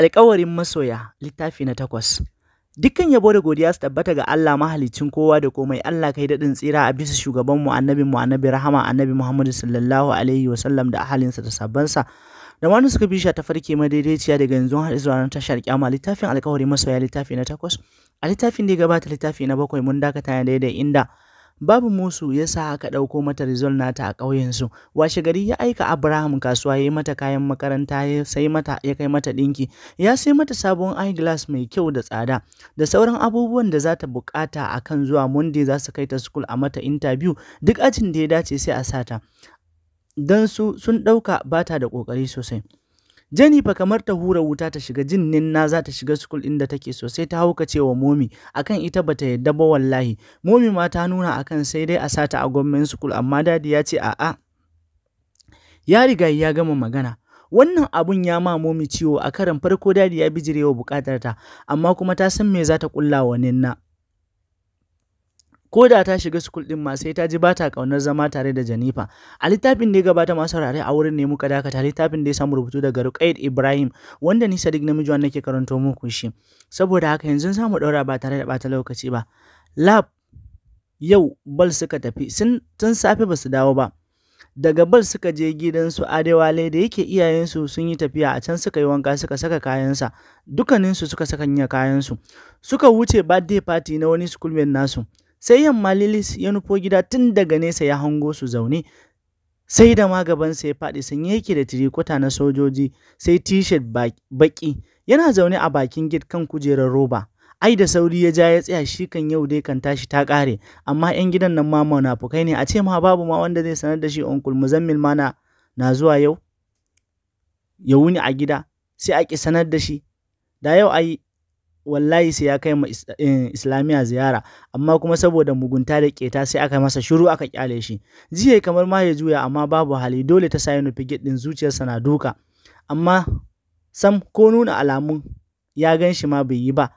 Alƙawarin masoya littafi na takwas. Dukkan yabo da godiya su tabbata ga Allah mahalicin kowa da komai Allah kai daɗin tsira a bisa shugabanmu annabin mu annabi rahama annabi Muhammadu sallallahu alaihi wa sallam da ahalinsa da sabbansa. Da wani suka bi ta farke madaidaiciya daga yanzu har zuwa ran tashar kyama littafin alƙawarin masoya littafi na takwas. A littafin da ya gabata littafi na bakwai mun dakata ya daidai inda babu musu ya sa aka ɗauko mata rizol nata a ƙauyensu washe gari ya aika abraham kasuwa ya yi mata kayan makaranta ya sai mata ya kai mata ɗinki ya sai mata sabon eyeglass mai kyau da tsada da sauran abubuwan da za ta buƙata a kan zuwa monday za su kai ta school a mata interview duk ajin da ya dace sai a sata don su sun ɗauka ba ta da ƙoƙari sosai Jenny fa kamar ta hura wuta ta shiga jin ninna za ta shiga school inda take so sai ta hauka cewa momi akan ita bata yadda ba wallahi. Momi ma ta nuna akan sai dai a sata a gwamnan school amma dadi ya ce a'a. Ya riga ya gama magana. Wannan abun ya ma momi ciwo a karan farko dadi ya bijirewa bukatar ta amma kuma ta san me za ta kulla wa ninna. ko da ta shiga sukul din ma sai ta ji bata kaunar zama tare da Janifa. A littafin da ya gabata masu rare a wurin ne muka dakata littafin da ya samu rubutu daga ruqayd Ibrahim wanda ni Sadiq namiji wanda nake karanto muku shi. Saboda haka yanzu za mu daura ba tare da bata lokaci ba. Lab yau bal suka tafi sun tun safe basu dawo ba. Daga bal suka je gidan su Adewale da yake iyayensu sun yi tafiya a can suka yi wanka suka saka kayansa. Dukaninsu suka saka kayansu. Suka wuce birthday party na wani schoolmate nasu. sai yamma lilis ya nufo gida tun daga nesa ya hango su zaune sai da magabansa ya faɗi sanye yake da tirikota na sojoji sai t-shirt baƙi yana zaune a bakin gid kan kujerar roba ai da sauri ya ja ya tsaya shi kan yau dai kan tashi ta ƙare amma 'yan gidan nan ma fukai ne a ce ma babu ma wanda zai sanar da shi onkul muzammil ma na na zuwa yau ya wuni a gida sai a ki sanar da shi da yau ai wallahi sai ya kai ma eh, islamiya ziyara amma kuma saboda mugunta da keta sai aka masa shiru aka kyale shi jiya kamar ma ya juya amma babu hali dole ta sa nufi din zuciyarsa na duka amma sam ko nuna alamun ya gan shi ma bai yi ba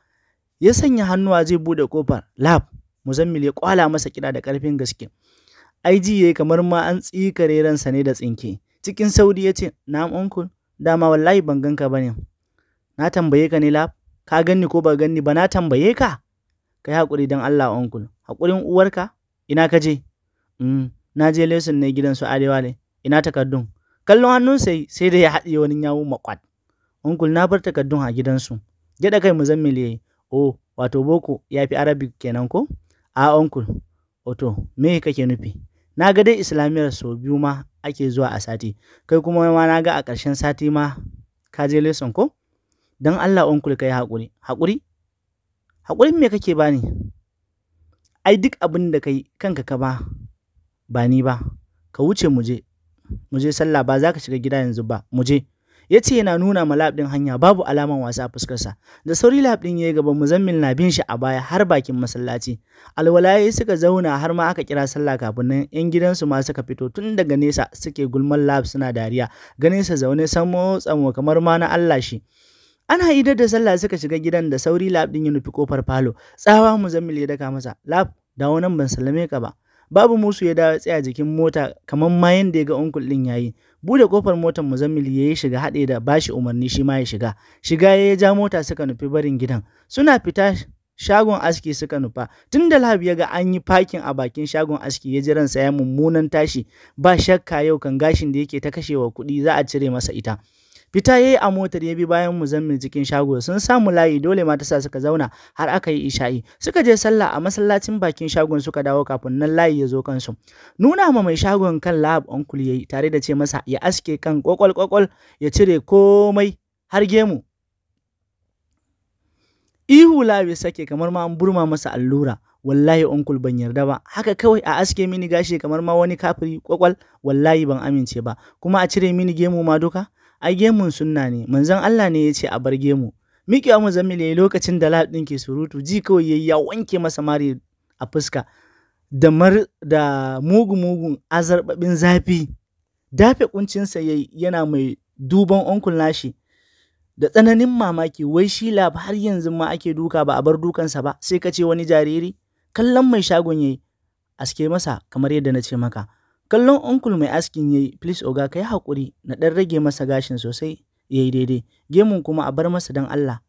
ya sanya hannuwa zai bude kofar lab muzammil ya kwala masa kira da karfin gaske ai ji kamar ma an tsikare ransa ne da tsinke cikin sauri ya ce na'am uncle dama wallahi ban ganka bane na tambaye ka ne lab ka ganni ko ba ganni ba na tambaye ka ka yi haƙuri don Allah uncle haƙurin uwarka ina ka je mm, na je lesson ne gidan su arewa ne ina takardun kallon hannun sai sai da ya haɗiye wani yawo makwat uncle na bar takardun a gidansu gyaɗa kai mu muzammil yayi oh wato boko ya fi arabic kenan ko a uncle oto me kake nufi na ga dai islamiyar sau biyu ma ake zuwa a sati kai kuma ma na ga a ƙarshen sati ma ka je lesson ko don Allah onkul ka yi haƙuri haƙuri haƙurin me kake bani ai duk abin da kai kanka ka ba ba ni ba ka wuce mu je sallah ba za ka shiga gida yanzu ba muje je ya ce yana nuna ma lab hanya babu alaman wasa a fuskarsa da sauri lab ɗin ya yi gaba muzammil na bin shi a baya har bakin masallaci alwalaye suka zauna har ma aka kira sallah kafin nan yan gidansu ma suka fito tun daga nesa suke gulman lab suna dariya ganin sa zaune samo tsamo kamar ma na Allah shi Ana idar da sallah suka shiga gidan da sauri lab din ya nufi kofar falo. Tsawa Muzammil ya daka masa. Lab, da wannan ban sallame ka ba. Babu musu ya dawo tsaya jikin mota kamar ma yanda ya ga uncle ɗin yayi. Bude kofar motar Muzammil ya yi shiga haɗe da bashi umarni shi ma ya shiga. Shiga ya ja mota suka nufi barin gidan. Suna fita shagon aski suka nufa tun da lahab ya ga an yi fakin a bakin shagon aski ya ji ransa ya mummunan tashi ba shakka yau kan gashin da yake ta kashewa kuɗi za a cire masa ita Fita ya yi a motar ya bi bayan muzammil cikin shago sun samu layi dole mata sa suka zauna har aka yi isha'i. Suka je sallah a masallacin bakin shagon suka dawo kafin nan layi ya zo kansu. Nuna ma mai shagon kan lab onkul ya tare da ce masa ya aske kan kwakwal kwakwal ya cire komai har gemu. Ihu ya sake kamar ma an burma masa allura. wallahi onkul ban yarda ba haka kawai a aske mini gashi kamar ma wani kafiri kwakwal wallahi ban amince ba kuma a cire mini gemu ma duka A gemun sunna ne manzon Allah ne ya ce a bar gemu miƙewa muzammil yayi lokacin da lab ɗin ke surutu ji kawai yayi ya wanke masa mari a fuska da mar da mugu mugun azarbabin zafi dafe kuncinsa yayi yana mai duban onkul nashi da tsananin mamaki wai shi lab har yanzu ma ake duka ba a bar dukansa ba sai ka ce wani jariri kallon mai shagon yayi aske masa kamar yadda na ce maka Kallon Uncle mai askin yayi yi, please oga ka yi haƙuri na ɗan rage masa gashin sosai yayi daidai, gemun kuma a bar masa don Allah.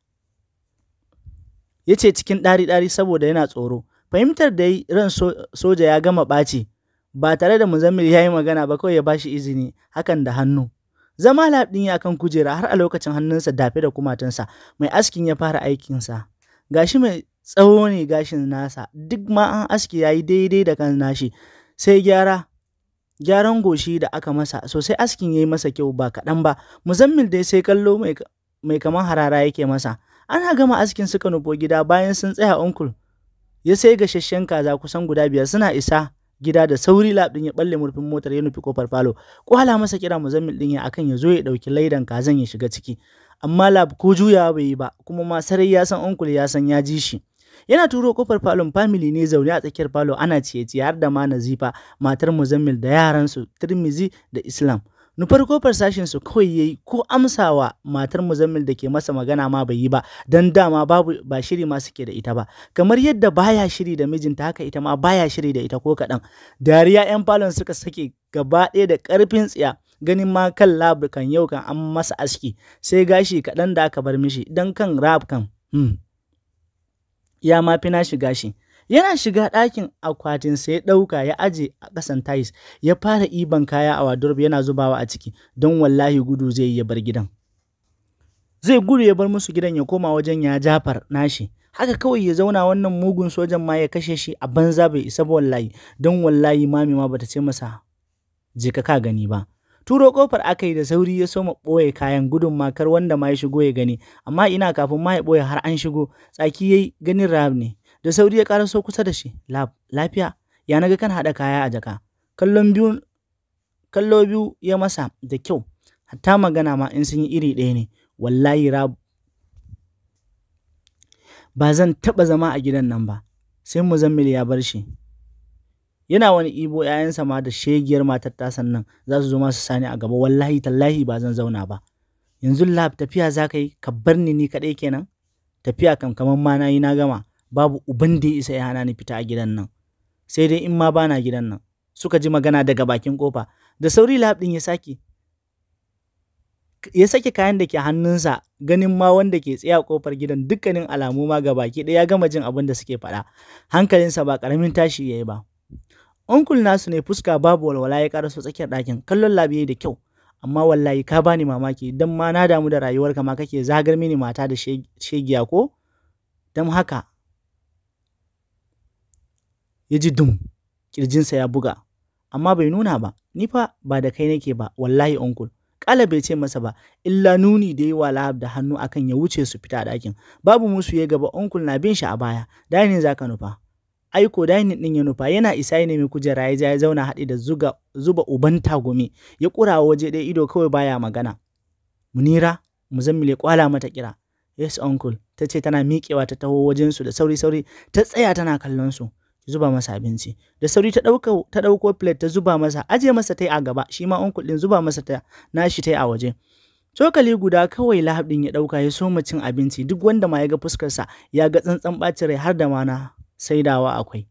yace cikin ɗari-ɗari saboda yana tsoro, fahimtar da yi ran soja ya gama ɓaci, ba tare da Muzammil ya yi magana ba kawai ya bashi izini hakan da hannu. Zama laɗin ya kan kujera har a lokacin hannunsa dafe da kumatunsa, mai askin ya fara aikinsa. Gashi mai tsawo ne gashin nasa, duk ma an aski ya yi daidai da kan nashi, sai gyara gyaran goshi da aka masa sosai askin ya yi masa kyau ba kaɗan ba muzammil dai sai kallo mai kamar harara yake masa ana gama askin suka nufo gida bayan sun tsaya onkul ya sai gasasshen kaza kusan guda biyar suna isa gida da sauri labdin ya balle murfin motar ya nufi kofar falo kwala masa kira muzammil din ya akan ya zo ya ɗauki laidan kazan ya shiga ciki amma lab ko juyawa bai yi ba kuma ma sarai ya san onkul ya san ya ji shi yana turo kofar falon family ne zaune a tsakiyar falo ana ciye-ciye har da ma nazifa matar muzammil da yaran su tirmizi da islam nufar kofar sashen su kawai yayi ko amsawa matar muzammil da ke masa magana ma bai yi ba dan dama babu ba shiri ma suke da ita ba kamar yadda baya shiri da mijinta haka ita ma baya shiri da ita ko kaɗan dariya yan falon suka sake gaba ɗaya da karfin tsiya ganin ma kan lab kan yau kan an masa aski sai gashi kaɗan da aka bar mishi dan kan rab kan hmm. ya ma fi shiga shi. Yana shiga ɗakin akwatin sai ya ɗauka ya aje a ƙasan tayis ya fara iban kaya a wardrobe yana zubawa a ciki don wallahi gudu zai yi ya bar gidan. Zai gudu ya bar musu gidan ya koma wajen ya jafar nashi. Haka kawai ya zauna wannan mugun sojan ma ya kashe shi a banza bai isa ba wallahi don wallahi mami ma bata ce masa je ka gani ba. Turo kofar aka yi da sauri ya soma ɓoye kayan gudun makar wanda ma ya shigo ya gani, amma ina kafin ma ya ɓoye har an shigo, tsaki ya yi ganin rab ne. Da sauri ya karaso kusa da shi, lafiya, ya naga kan haɗa kaya a jaka. Kallon biyu, kallo biyu ya masa da kyau, hatta magana ma in sun yi iri ɗaya ne, wallahi rab Ba zan taɓa zama a gidan nan ba, sai mu zammil ya bar shi. yana wani ibo ‘ya'yansa ma da shegiyar matar tasan nan za su zo ma su sani a gaba wallahi tallahi ba zan zauna ba yanzu lab tafiya za ka yi ka bar ni ni kaɗai kenan tafiya kam kamar ma na yi na gama babu uban da ya isa ya hana ni fita a gidan nan sai dai in ma ba na gidan nan suka ji magana daga bakin kofa da sauri lab ɗin ya sake ya sake kayan da ke hannunsa ganin ma wanda ke tsaye a kofar gidan dukkanin alamu ma ga baki ɗaya ya gama jin abin da suke faɗa hankalinsa ba ƙaramin tashi ya yi ba Uncle nasu ne fuska babu walwala ya karasa tsakiyar dakin kallon labiye da kyau, amma wallahi ka bani mamaki don ma na damu da rayuwarka ma kake zagar mini mata da shegiya ko? Don haka ya ji dum, ƙirjinsa ya buga, amma bai nuna ba, ni fa ba da kai nake ba, wallahi uncle. Kala bai ce masa ba, illa nuni da yi Lahab da hannu akan ya wuce su fita dakin Babu musu ya gaba, uncle na bin shi a baya, dainin za ka nufa. aiko dining din ya nufa yana isa ya nemi kujera ya ja ya zauna haɗi da zuga zuba uban tagumi ya kura waje ɗaya ido kawai baya magana munira muzammil ya kwala mata kira yes uncle ta ce tana miƙewa ta taho wajen su da sauri sauri ta tsaya tana kallon su zuba masa abinci da sauri ta ɗauko ta ɗauko plate ta zuba masa aje masa tai a gaba shi ma uncle din zuba masa ta nashi tai a waje cokali guda kawai lahabdin ya ɗauka ya soma cin abinci duk wanda ma ya ga fuskarsa ya ga tsantsan ɓacin rai har da mana saidawa akwai.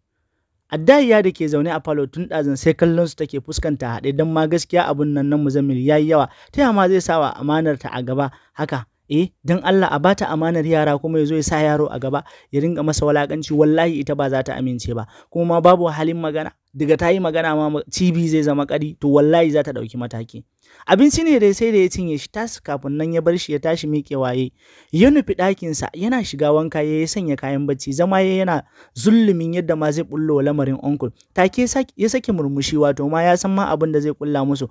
Addahiya da ke zaune a falo tun ɗazin sai kallon su take fuskanta haɗe don ma gaskiya abun nan na Muzammil ya yi yawa, ta ma zai sa wa amanar ta a gaba haka eh don Allah a bata amanar yara kuma ya zo ya sa yaro a gaba ya ringa masa walakanci wallahi ita ba za ta amince ba kuma ma babu halin magana daga ta yi magana ma cibi zai zama kari to wallahi za ta ɗauki mataki abinci ne dai sai da ya cinye shi tas kafin nan ya bar shi ya tashi miƙe waye ya nufi ɗakinsa yana shiga wanka ya yi sanya kayan bacci zama ya yana zullumin yadda ma zai bullo lamarin onkul take ya saki murmushi wato ma ya san ma abin da zai kulla musu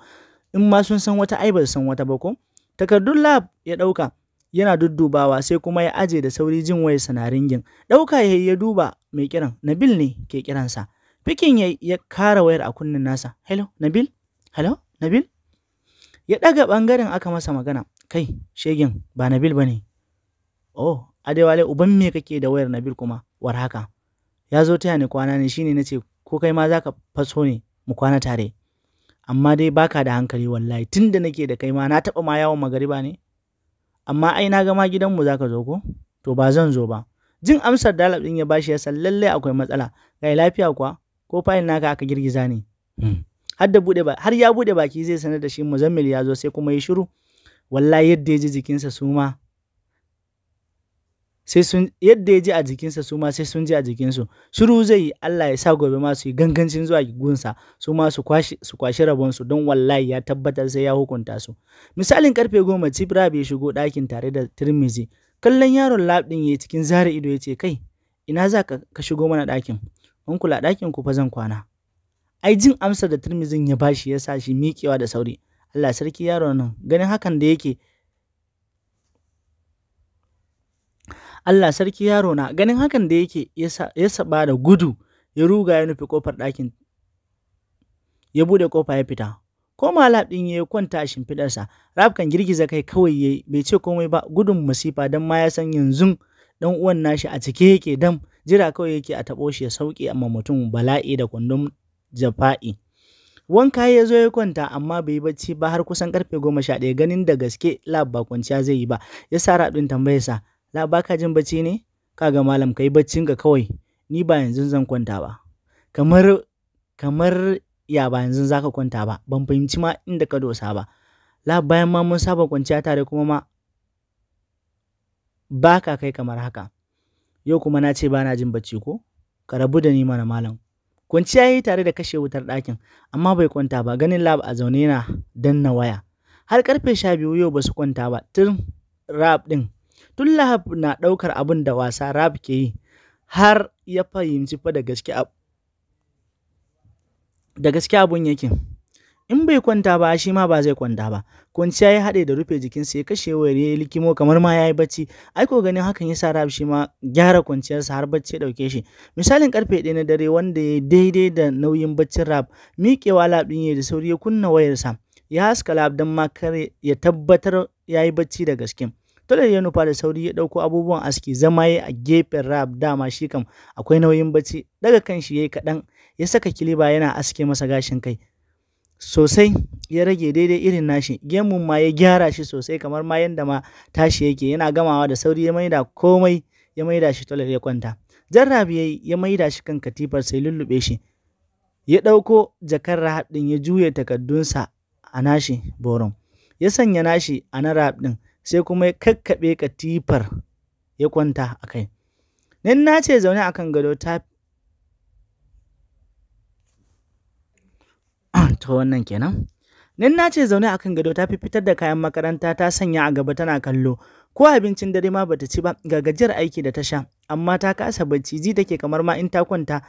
in ma sun san wata aibar san wata ba ko takardun lab ya ɗauka yana duddubawa sai kuma ya aje da sauri jin wayarsa na ringin ɗauka ya ya duba mai kiran nabil ne ke kiransa Bikin ya, ya kara wayar a kunnen nasa. Hello, Nabil? Hello, Nabil? Ya ɗaga ɓangaren aka masa magana. Kai, shegen ba Nabil ba ne. Oh, Adewale, uban me kake da wayar Nabil kuma, war haka. Ya zo taya ni kwana ne, shine na ce, ko kai ma za ka faso ne, mu kwana tare. Amma dai baka da hankali wallahi, tun da nake da kai ma na taɓa ma yawon magariba ne. Amma ai na gama gidanmu za ka zo ko? To ba zan zo ba. Jin amsar dalab ɗin ya bashi ya san lallai akwai matsala. kai lafiya kuwa? ko fayil naka aka girgiza ne hmm. har da bude ba har ya bude baki zai sanar da shi muzammil ya zo sai kuma ya shiru wallahi yadda ya ji jikinsa su ma sai sun yadda ya ji a jikinsa su ma sai sun ji a jikinsu shiru zai yi Allah ya sa gobe ma su yi gangancin zuwa gunsa su ma su kwashi su kwashi rabonsu don wallahi ya tabbatar sai ya hukunta su misalin karfe goma Cibra ya shigo ɗakin tare da Tirmizi kallon yaron lab ɗin yi cikin zare ido ya ce kai ina za ka shigo mana ɗakin Uncle kula ɗakin ku fa zan kwana. Ai jin amsar da Tirmizin ya bashi ya sa shi miƙewa da sauri. Allah sarki yaro nan ganin hakan da yake Allah sarki yaro na ganin hakan da yake ya saba da gudu ya ruga ya nufi kofar ɗakin ya bude, kofa ya fita ko malab ɗin ya kwanta a shimfiɗarsa rab kan girgiza kai kawai yayi bai ce komai ba gudun masifa dan ma ya san yanzu dan uwan nashi a cike yake dan. jira kawai yake a taɓo shi ya sauƙi amma mutum bala'i da kundum jafa'i wanka ya zo ya kwanta amma bai bacci ba har kusan karfe goma sha ɗaya ganin da gaske lab ba kwanciya zai yi ba ya sa raɗin tambayarsa lab ba ka jin bacci ne kaga malam kai baccin ka kawai ni ba yanzu zan kwanta ba kamar kamar ya ba yanzu zaka kwanta ba ban fahimci ma inda ka dosa ba lab bayan ma mun saba kwanciya tare kuma ma Baka kai kamar haka yau kuma na ce bana jin bacci ko ka rabu da ni mana malam kwanciya yi tare da kashe wutar ɗakin amma bai kwanta ba ganin lab a zaune yana danna waya har karfe sha biyu yau ba su kwanta ba tun rab ɗin tun lahab na ɗaukar abin da wasa rab ke yi har ya fahimci fa da gaske da gaske abun yake in bai kwanta ba shi ma ba zai kwanta ba kwanciya ya haɗe da rufe jikinsa ya kashe wayar ya likimo kamar ma ya yi bacci ai ko ganin hakan ya sa rab shi ma gyara kwanciyarsa har bacci ya ɗauke shi misalin karfe ɗaya na dare wanda ya daidai da nauyin baccin rab miƙewa lab ɗin da sauri ya kunna wayarsa ya haska lab don ma kare ya tabbatar ya yi bacci da gaske Tolar ya nufa da sauri ya ɗauko abubuwan aski zama ya a gefen rab dama shi kam akwai nauyin bacci daga kan shi ya yi kaɗan ya saka kiliba yana aske masa gashin kai sosai ya rage daidai irin nashi gemun ma ya gyara shi sosai kamar ma yanda ma tashi yake yana gamawa da sauri ya maida komai ya maida shi tolar ya kwanta jarrabi ya ya maida shi kan katifar sai lullube shi ya ɗauko jakar rahab din ya juya takaddunsa a nashi boron ya sanya nashi a na rahab ɗin sai kuma ya kakkaɓe katifar ya kwanta a kai nan na ce zaune akan gado ta Ta wannan kenan nan ce zaune akan gado ta fitar da kayan makaranta ta sanya a gaba tana kallo ko abincin dare ma bata ci ba ga gajiyar aiki da ta sha amma ta kasa bacci ji take kamar ma in ta kwanta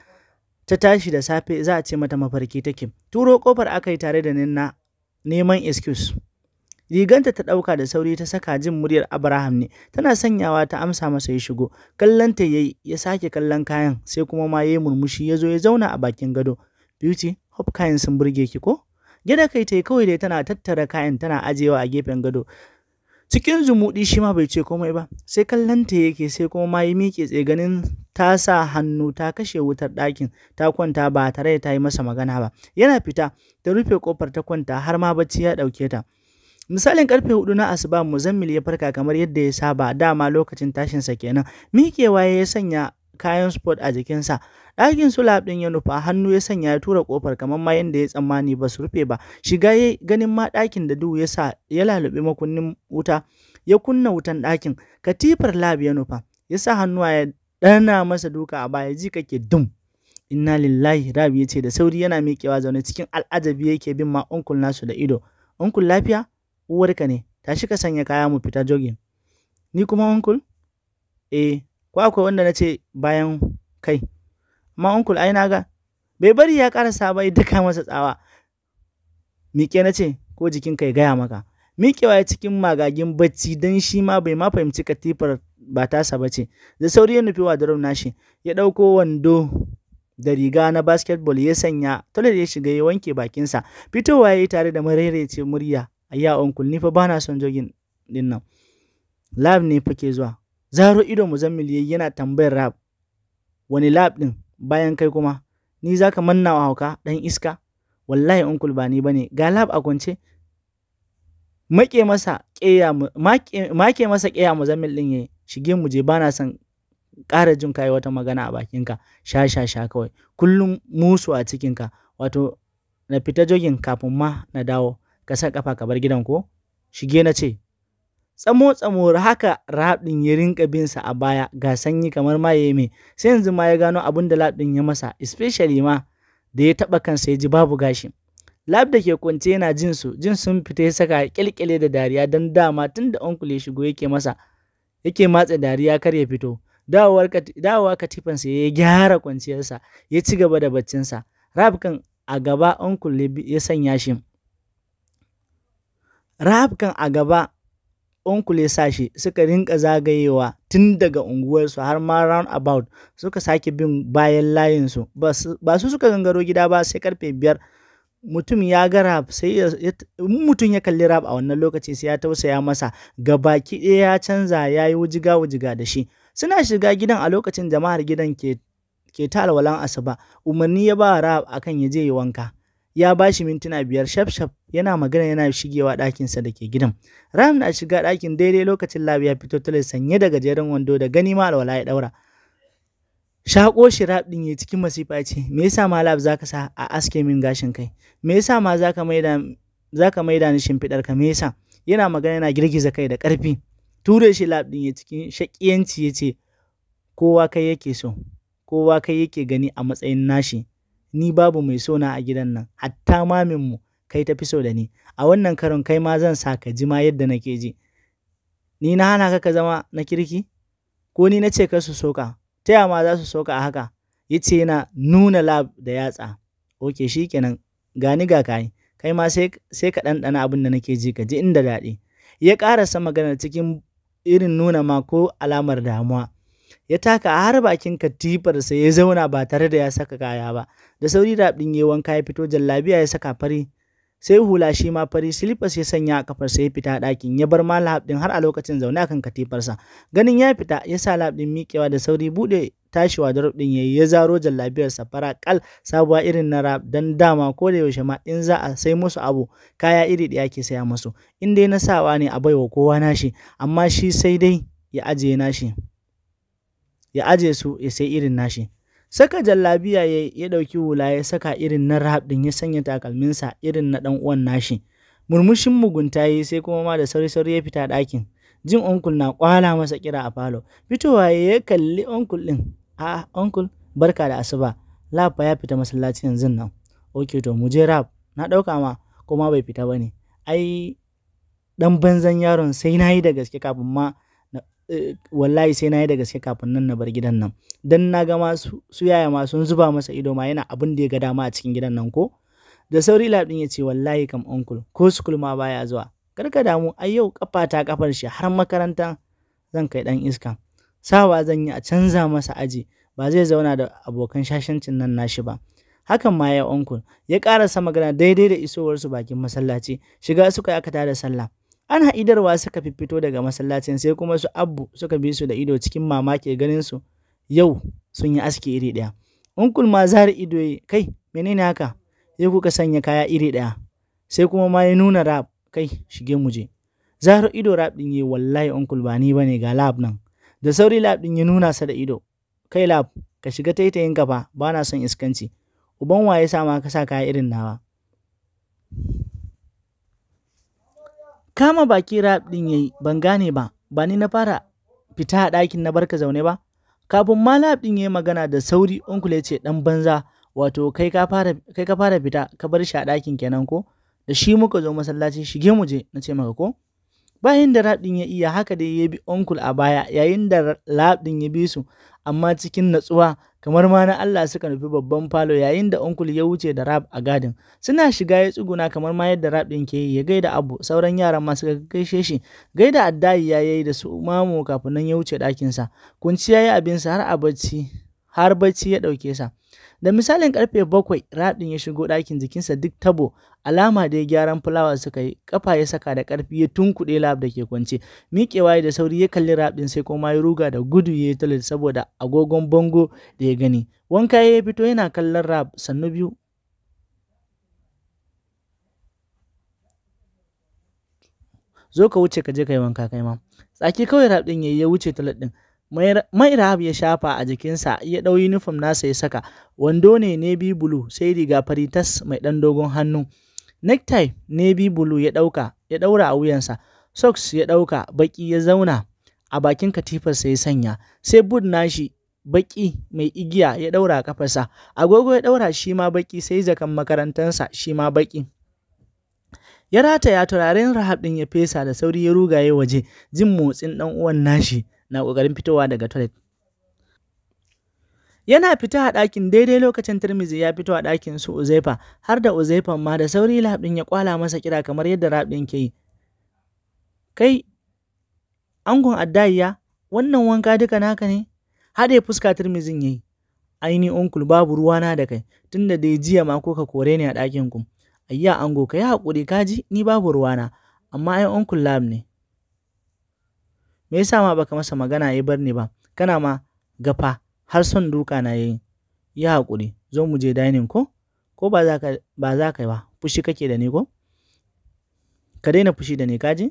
ta tashi da safe za a ce mata mafarki take turo kofar aka yi tare da ninna neman excuse riganta ta ɗauka da sauri ta saka jin muryar abraham ne tana sanyawa ta amsa masa ya shigo kallon ta yayi ya sake kallon kayan sai kuma ma yayi murmushi ya zo ya zauna a bakin gado beauty hop kayan sun burge ki ko? gida kai tai kawai dai tana tattara kayan tana ajewa a gefen gado. Cikin zumudi shi ma bai ce komai ba, sai kallon yake sai kuma ma yi miƙe tsaye ganin ta sa hannu ta kashe wutar ɗakin ta kwanta ba tare da ta yi masa magana ba. Yana fita ta rufe kofar ta kwanta har ma bacci ya ɗauke ta. Misalin karfe hudu na asuba Muzammil ya farka kamar yadda ya saba dama lokacin tashin sa kenan. Miƙewa ya sanya kayan sport a jikinsa. Ɗakin sulab ɗin ya nufa hannu ya sanya ya tura kofar kamar ma yadda ya tsammani ba su rufe ba. Shiga ya ganin ma ɗakin da duhu ya sa ya lalube makunnin wuta ya kunna wutan ɗakin. Katifar lab ya nufa ya sa hannuwa ya ɗana masa duka a baya ji kake dum. Inna lillahi Rabi ya ce da sauri yana miƙewa zaune cikin al'ajabi yake bin ma onkul nasu da ido. Onkul lafiya? Uwarka ne. Tashi ka sanya kaya mu fita jogin. Ni kuma onkul? Eh, ko akwai wanda na ce bayan kai amma uncle ai naga bai bari ya karasa ba idan ka masa tsawa miƙe na ce ko jikin kai gaya maka miƙewa ya cikin magagin bacci don shi ma bai ma fahimci katifar ba tasa ba ce da sauri ya nufi wa wadarom nashi ya ɗauko wando da riga na basketball ya sanya toilet ya shiga ya wanke bakinsa fitowa ya yi tare da ce murya ayya Uncle ni fa bana son jogin din nan lab ne fa ke zuwa Zaro ido Muzammil yayi yana tambayar Rab, wani lab ɗin bayan kai kuma, ni zaka manna wa hauka ɗan iska? Wallahi unkul ba ni ba ga lab a kwance. Make masa ƙeya Muzammil din yayi, shige mu je ba na son ƙara jin kai wata magana a bakinka, sha sha sha kawai, kullum musu a cikinka, wato na fita jogin kafin ma na dawo, ka san ƙafa ka bar gidan ko? Shige na ce, tsamo tsamo haka Raha ɗin ya rinka binsa a baya ga sanyi kamar maye mai, sai yanzu ma ya gano abin da Lab ya masa, especially ma da ya taɓa kansa ya ji babu gashi. Lab da ke kwance yana jin su, jin sun fita ya saka kyalkyale da dariya don dama tun da uncle ya shigo yake masa, yake matsa dariya kar ya fito. Dawowa katifan sa ya gyara kwanciyarsa, ya ci gaba da baccinsa. rab kan a gaba uncle ya sanya shi. rab kan a gaba onkule shi suka rinka zagayewa tun daga unguwarsu har ma round about suka sake bin bayan layinsu, ba su suka gangaro gida ba sai karfe biyar ƙarfe 5, in mutum ya kalli Rap a wannan lokaci sai ya tausaya masa, gabaki ɗaya ya canza ya yi wujiga-wujiga da shi, suna shiga gidan a lokacin jama'ar gidan ke ta alwalan asuba, umarni ya ba rab Rap akan ya je yi wanka. ya ba shi mintuna biyar shaf-shaf yana magana yana shigewa ɗakinsa da ke gidan. ram na shiga ɗakin daidai lokacin Labi ya fito tale sanye da gajeren wando da gani ma alwala ya ɗaura. Shako shi rab ɗin ya cikin masifa ce, Me yasa ma Lab za sa a aske min gashin kai? Me yasa ma za ka maida ni shimfiɗar ka? Me yasa? Yana magana yana girgiza kai da ƙarfi. Ture shi Lab ɗin ya cikin shaƙiyanci yace Kowa kai yake so, kowa kai yake gani a matsayin nashi. ni babu mai sona a gidan nan hatta maminmu kai ta fi so da ni a wannan karon kai ma zan sa ka ji ma yadda nake ji ni na hana ka ka zama na kirki ko ni na ce ka su soka ta ma za su soka a haka ya ce yana nuna lab da yatsa oke shi kenan gani ga kai kai ma sai ka ɗanɗana abin da nake ji ka ji inda daɗi ya ƙarasa maganar cikin irin nuna ma ko alamar damuwa ya taka a har bakin katifarsa ya zauna ba tare da ya saka kaya ba da sauri da ɗin yayi wanka ya fito jallabiya ya saka fari sai hula shi ma fari silifas ya sanya a kafar ya fita ɗakin ya bar ma lahab har a lokacin zaune a kan katifarsa ganin ya fita ya sa lahab miƙewa da sauri buɗe tashiwa da ɗin yayi ya zaro jallabiyarsa fara kal sabuwa irin na rap dan dama ko da yaushe ma in za a sai musu abu kaya iri ɗaya ke saya musu in dai na sawa ne a baiwa kowa nashi amma shi sai dai ya ajiye nashi. ya aje su ya sai irin nashi saka jallabiya ya ya ɗauki hula ya saka irin na rahab ɗin ya sanya takalminsa irin na ɗan uwan nashi murmushin mugunta yi sai kuma ma da sauri sauri ya fita ɗakin jin onkul na kwala masa kira a falo fitowa ya kalli onkul ɗin a onkul barka da asuba lafa ya fita masallaci yanzu nan ok to mu je rahab na ɗauka ma kuma bai fita ba ne ai ɗan banzan yaron sai na yi da gaske kafin ma Eh, wallahi sai na yi da gaske kafin nan na bar gidan nan dan na ga masu su yaya ma sun zuba masa ido ma yana abin da ya ga dama a cikin gidan nan ko da sauri labin ya ce wallahi kam uncle ko school ma baya zuwa kar ka damu ai yau kafa ta kafar shi har makaranta zan kai dan iska sawa zan yi a canza masa aji ba zai zauna da abokan shashancin nan nashi ba hakan ma ya uncle ya karasa magana daidai da isowarsu bakin masallaci shiga suka yi aka tada sallah ana idarwa suka fito daga masallacin sai kuma su abu suka bi su da ido cikin mamaki ganin su yau sun yi aski iri ɗaya unkul ma zahar ido kai menene haka sai kuka sanya kaya iri ɗaya sai kuma ma ya nuna rab kai shige mu je Zahar ido rab din yayi wallahi unkul ba ni bane ga lab nan da sauri lab din ya nuna sa da ido kai lab ka shiga taitayin ka fa ba na son iskanci uban waye sa ma ka sa kaya irin nawa Kama baki rap yayi ban gane ba, ba ni na fara fita a ɗakin na barka zaune ba. Kafin ma lab ya yayi magana da sauri Uncle ya ce ɗan banza wato kai ka fara fita ka bar shi a ɗakin kenan ko? Da shi muka zo masallaci shige mu je na ce maka ko? Bayan da rap ya iya haka dai ya bi Uncle a baya yayin da lab ya bi su amma cikin natsuwa kamar ma na Allah suka nufi babban falo yayin da onkul ya wuce da rab a gadin suna shiga ya tsuguna kamar ma yadda rab ɗin ke yi ya gaida abu sauran yaran ma suka gaishe shi gaida addayi ya yi da su mamu kafin nan ya wuce ɗakinsa kunciya ya abinsa har a har bacci ya ɗauke sa Da misalin karfe bakwai rabin ya shigo ɗakin jikinsa duk tabo alama da ya gyaran fulawa suka yi kafa ya saka da karfi ya tunkuɗe lab da ke kwance miƙewa da sauri ya kalli rabin sai kuma ya ruga da gudu ya yi toilet saboda agogon bango da ya gani wanka ya fito yana kallon rab sannu biyu zo ka wuce ka je ka yi wanka kai ma tsaki kawai rab din ya wuce toilet din mai rahab ya shafa a jikinsa ya ɗau yunifom nasa ya saka wando ne navy blue sai riga fari tas mai ɗan dogon hannu necktie navy blue ya ɗauka ya ɗaura a wuyansa socks ya ɗauka baƙi ya zauna a bakin katifarsa ya sanya sai bud nashi baƙi mai igiya ya ɗaura a kafarsa agogo ya ɗaura shi ma baƙi sai jakan makarantansa shi ma baƙi ya rataya turaren rahab ɗin ya fesa da sauri ya rugaye waje jin motsin ɗan uwan nashi na ƙoƙarin fitowa daga toilet. Yana fita a ɗakin daidai lokacin Tirmizi ya fito a ɗakin su Uzaifa, har da Uzaifan ma da sauri laɓin ya kwala masa kira kamar yadda raɓin ke yi. Kai, angon addayya, wannan wanka duka naka ne? Haɗe fuska Tirmizin ya yi. Aini onkul babu ruwana da kai, tunda dai jiya ma ko ka kore ni a ɗakin ku. Ayya ango ka yi haƙuri kaji ni babu ruwana, amma ai onkul lab ne. me yasa ma baka masa magana ya bar ni ba kana ma gafa har son duka na yayi yi haƙuri zo mu je dining ko ko ba za ka ba za ka ba fushi kake da ni ko ka daina fushi da ni kaji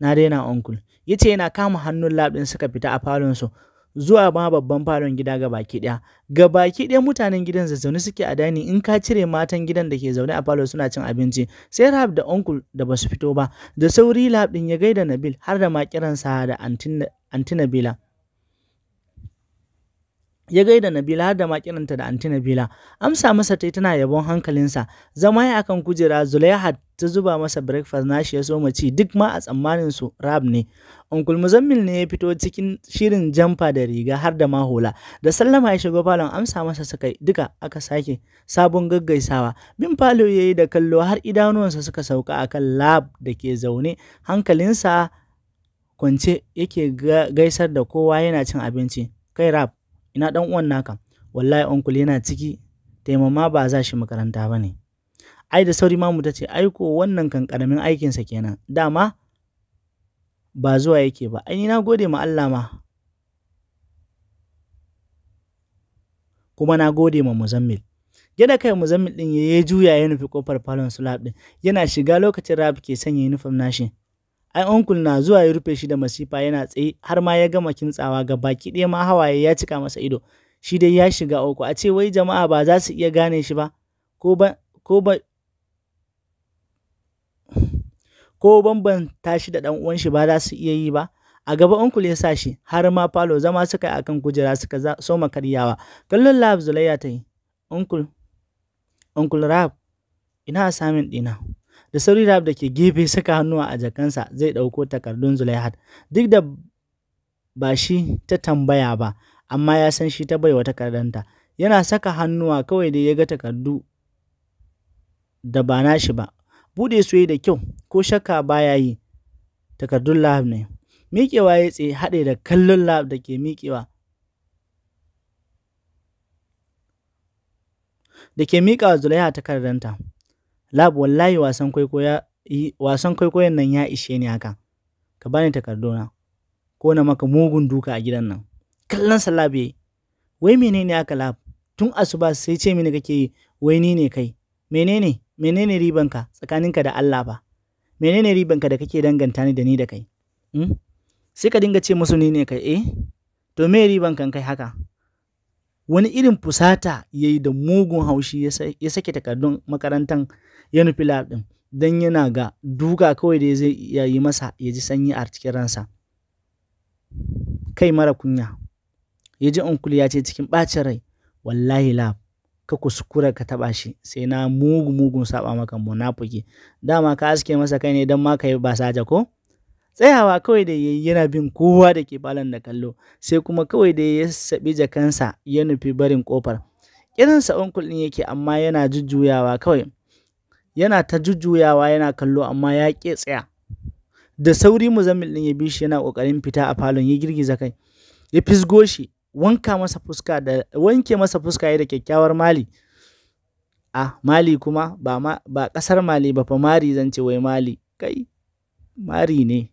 na daina uncle yace yana kama hannun labin suka fita a falon su zuwa ma babban falon gida ga baki ɗaya ga baki ɗaya mutanen gidan da zaune suke a dani in ka cire matan gidan da ke zaune a falo suna cin abinci sai rahab da onkul da basu fito ba da sauri lab ɗin ya gaida nabil har da ma kiransa da antina bila ya gaida Nabila har da ma kiranta da anti Nabila. Amsa masa tai tana yabon hankalinsa. Zama ya akan kujera Zulaiha ta zuba masa breakfast na shi ya so ci duk ma a tsammanin su rab ne. Uncle Muzammil ne ya fito cikin shirin jamfa da riga har da mahola. Da sallama ya shigo falon amsa masa suka duka aka sake sabon gaggaisawa. Bin falo ya yi da kallo har idanuwansa suka sauka akan lab da ke zaune hankalinsa kwance yake gaisar da kowa yana cin abinci. Kai rab ina dan uwan naka wallahi uncle yana ciki taimama ba za shi makaranta ba ne ai da sauri mamu ta ce aiko wannan kan karamin sa kenan dama ba zuwa yake ba ai na gode ma Allah ma kuma na gode ma muzammil yana kai muzammil din ya juya ya nufi kofar falon sulab din yana shiga lokacin rabi ke sanya uniform nashi ai onkul na zuwa ya rufe shi da masifa yana tsaye har ma ya gama kintsawa ga baki ɗaya ma hawaye ya cika masa ido shi dai ya shiga uku a ce wai jama'a ba za su iya gane shi ba ko ba ko shi da ɗan uwan shi ba za su iya yi ba a gaba onkul ya sa shi har ma falo zama suka yi akan kujera suka soma karyawa kallon lab zulayya ta yi onkul onkul rab ina samin ɗina da sauri rab da ke gefe saka hannuwa a jakansa zai ɗauko takardun Zulaihat duk da ba shi ta tambaya ba amma ya san shi ta baiwa takardanta yana saka hannuwa kawai da ya ga takardu da ba nashi ba bude su yi da kyau ko shakka baya yi takardun Lahab ne miƙewa ya tsaye haɗe da kallon Lahab da ke miƙewa da ke miƙa wa Zulaiha takardanta Lab wallahi wasan kwaikwayon nan ya ishe ni haka, ka bani takarduna, ko na maka mugun duka a gidan nan. Kallon Lab ya wai menene haka Lab? Tun asuba sai ce mini kake yi, wai ni ne kai, menene, menene ribanka tsakaninka da Allah ba? Menene ribanka da kake danganta ni da ni da kai? Hmm? Sai ka dinga ce musu ni ne kai, eh? To me kan kai haka? Wani irin fusata yayi da mugun haushi ya sake takardun makarantar ya nufi lab don yana ga duka kawai da zai yi masa ya ji sanyi a cikin ransa kai mara kunya ya ji onkul ya ce cikin ɓacin rai wallahi lab ka kuskura ka taɓa shi sai na mugu mugun saba maka munafuki dama ka aske masa kai ne don maka ka yi basaja ko tsayawa kawai da yayi yana bin kowa da ke falon da kallo sai kuma kawai da ya saɓi jakansa ya nufi barin kofar kiransa onkul ɗin yake amma yana jujjuyawa kawai yana ta jujjuyawa yana kallo amma ya ƙi tsaya da sauri muzammil ɗin ya bi shi yana ƙoƙarin fita a falon ya girgiza kai ya fisgo shi wanka masa fuska da wanke masa fuska ya da kyakkyawar mali a ah, mali kuma ba ma, ba ƙasar mali ba fa mari zan ce wai mali kai mari ne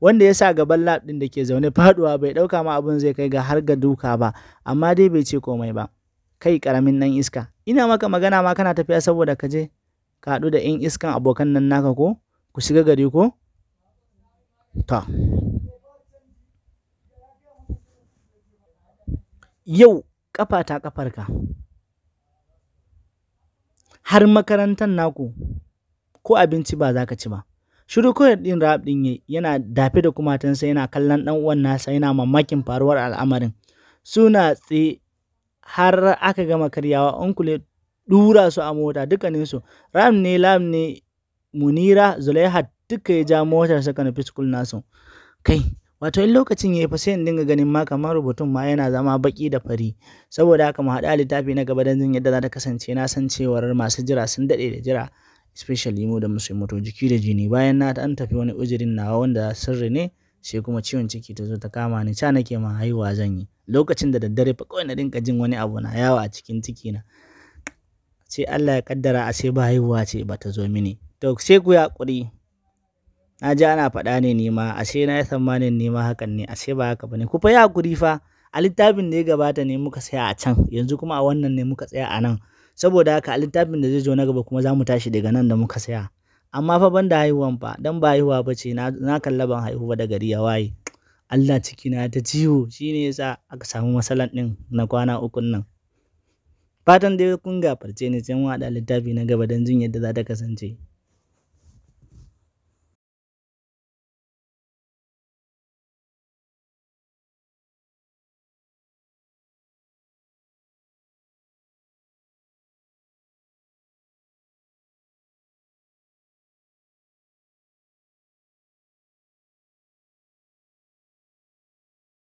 wanda ya sa gaban lab ɗin da ke zaune faduwa bai ɗauka ma abin zai kai ga har ga duka ba amma dai bai ce komai ba kai ƙaramin nan iska ina maka magana ma kana tafiya saboda ka je ka haɗu da 'yan iskan abokan nan naka ko ku shiga gari ko ta yau ƙafa ta ƙafarka har makarantar naku ko abinci ba za ka ci ba shiru kawai ɗin din ɗin yana dafe da kumatansa yana kallon ɗan uwan nasa yana mamakin faruwar al'amarin suna tsi har aka gama karyawa onkule Dura su a mota dukkaninsu. Ram ne, Lam ne, Munira, Zulaihat duka ya ja motar suka nufi school nasu. Kai, wato in lokacin ya yi fa sai in dinga ganin ma kamar rubutun ma yana zama baki da fari saboda haka mu haɗa littafi na gaba don jin yadda za ta kasance na san cewar masu jira sun daɗe da jira especially mu da moto jiki da jini bayan na ta an tafi wani ujirin nawa wanda sirri ne sai kuma ciwon ciki ta zo ta kama ni ca nake ma haihuwa zan yi lokacin da daddare fa kawai na dinga jin wani abu na yawo a cikin ciki na sai Allah ya kaddara sai ba haihuwa ce ba ta zo mini to sai ku ya hakuri na ji ana faɗa ne nima sai na yi tsammanin nima hakan ne A sai ba haka bane ku fa ya hakuri fa a littafin da ya gabata ne muka tsaya a can yanzu kuma a wannan ne muka tsaya a nan saboda haka a littafin da zai zo na gaba kuma za mu tashi daga nan da muka tsaya amma fa ban da haihuwan fa dan ba haihuwa ba ce na kalla ban haihuwa da gari ya waye Allah ciki na ta ciwo Shi shine yasa aka samu masalan ɗin na kwana ukun nan Fatan dai kun gafarce ni sai mun littafi na gaba don jin yadda za ta kasance.